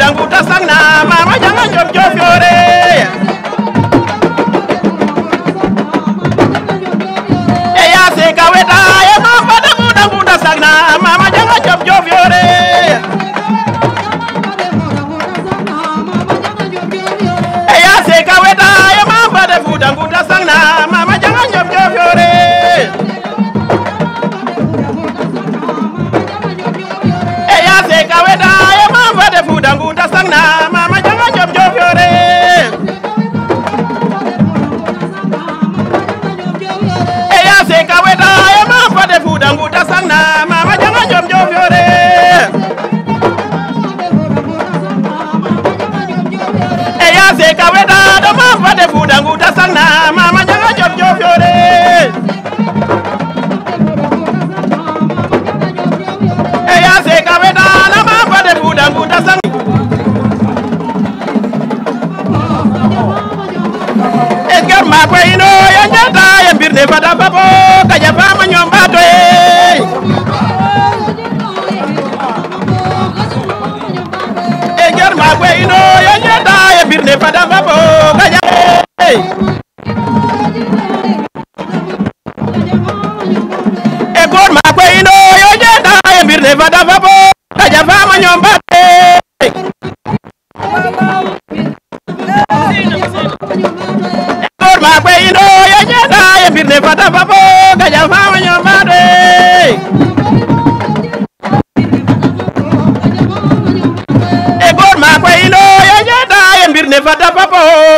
dangu ta sang na mama jangan jom jom yore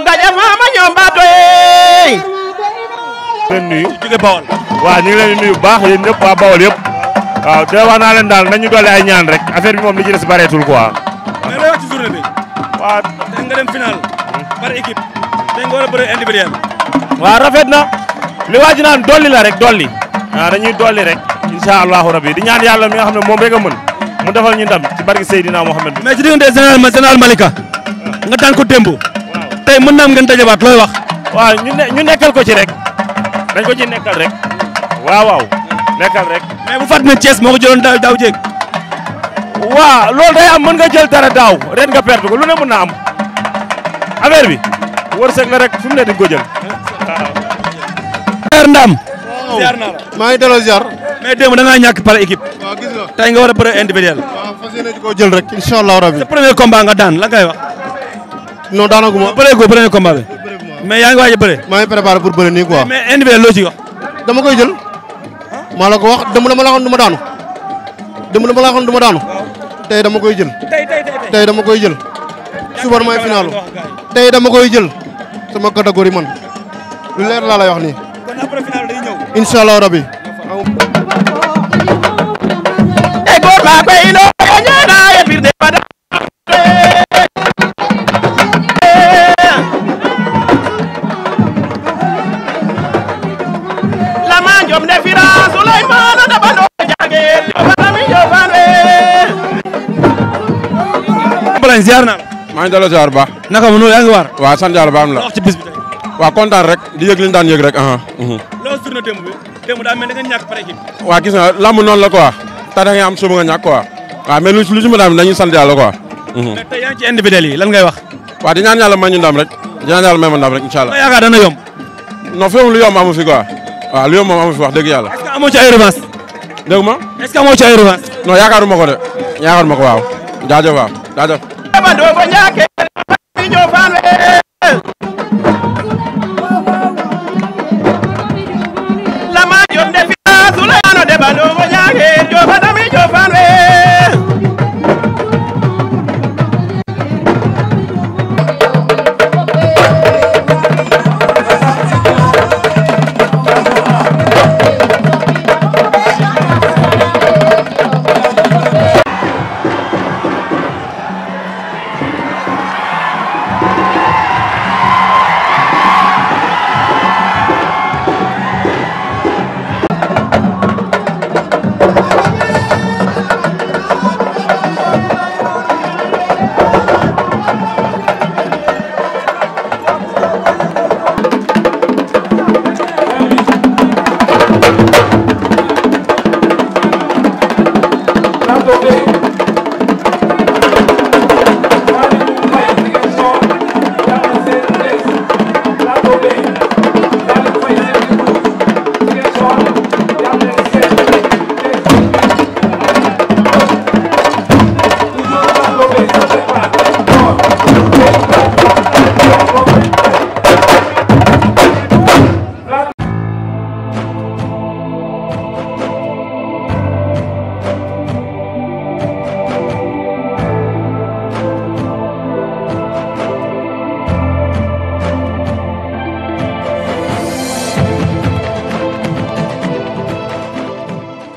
gaja maama ñoom baatoy leen nuyu waaw ñu ngi leen di nuyu baax yéen ñëpp waa Bawol yëpp waaw de wax naa leen daal nañu doole ay ñaan rek affaire bi moom li ci des bareetul quoi mais looy wax ci journée bi waaw tey nga dem final par équipe tey nga war a bëre individuel waaw rafet na li waa ji naan dolli la rek dolli waaw dañuy dolli rek incha allahu rabi di ñaan yàlla mi nga xam ne moom rek a mën mu defal ñu ndam ci barki Seydina Mohamed mais ci diggante général Malika nga daan ko démb tey mën naa am ngeen dajabaat looy wax. waaw ñu ne ñu nekkal ko ci rek dañ ko ci nekkal rek waaw waaw nekkal rek. mais bu fàttali ne Thiès moo ko jëloon daaw daaw jéeg. waaw loolu day am mën nga jël dara daaw ren nga perte ko lu ne mën na am affaire bi wërsëg la rek fu mu ne di ko jël waaw. ndam. ziar naa la maa ngi delloo ziar. mais démb da ngaa ñàkk par équipe. waaw gis nga tey nga war a bëre individuel. waaw fas yéene di ko jël rek incha allah rabi. sa premier combat nga daan la ngay wax. non daanaka ma bëree ko bëree combat bi. a bëre. maa ngi préparé pour nii quoi. mais individuel loo ci wax. dama koy jël. maa la ko wax dama dama la waxoon du ma daanu. dama dama la waxoon du daanu. tey dama koy jël. tey tey tey dama koy jël. suba mooy finalu. tey dama koy jël. sama catégorie man. lu leer laa lay wax nii. kon après final day ñëw. incha Ngom ne fira Souleymane da bando jagel barami yo fanwe Ibrahima ziar na maa ngi delloo ziar bu baax naka mu noonu yaa ngi war waaw sant yàlla ba am la wax ci bis bi waaw kontaan rek di yëg li ñu daan yëg rek aha mhm. loo journée démb bi démb daa mel da nga ñàkk pare ci waaw gis nga lamb noonu la quoi ta da nga am suba nga ñàkk quoi waaw mais lu ci ma daam dañuy sant yàlla quoi mhm. mais tey yaa ngi ci individuel yi lan ngay wax waaw di ñaan yàlla may ñu ndam rek di ñaan yàlla may ma ndam rek incha allah yaakaar dana yomb non fi lu yomb amu fi quoi waaw ah, li ma amu fi wax dëgg yàlla. est-ce que amoo ci ay ma. est-ce que amoo ci ay revanche. non yaakaaruma ko de. ma ko waaw. jaajëf waaw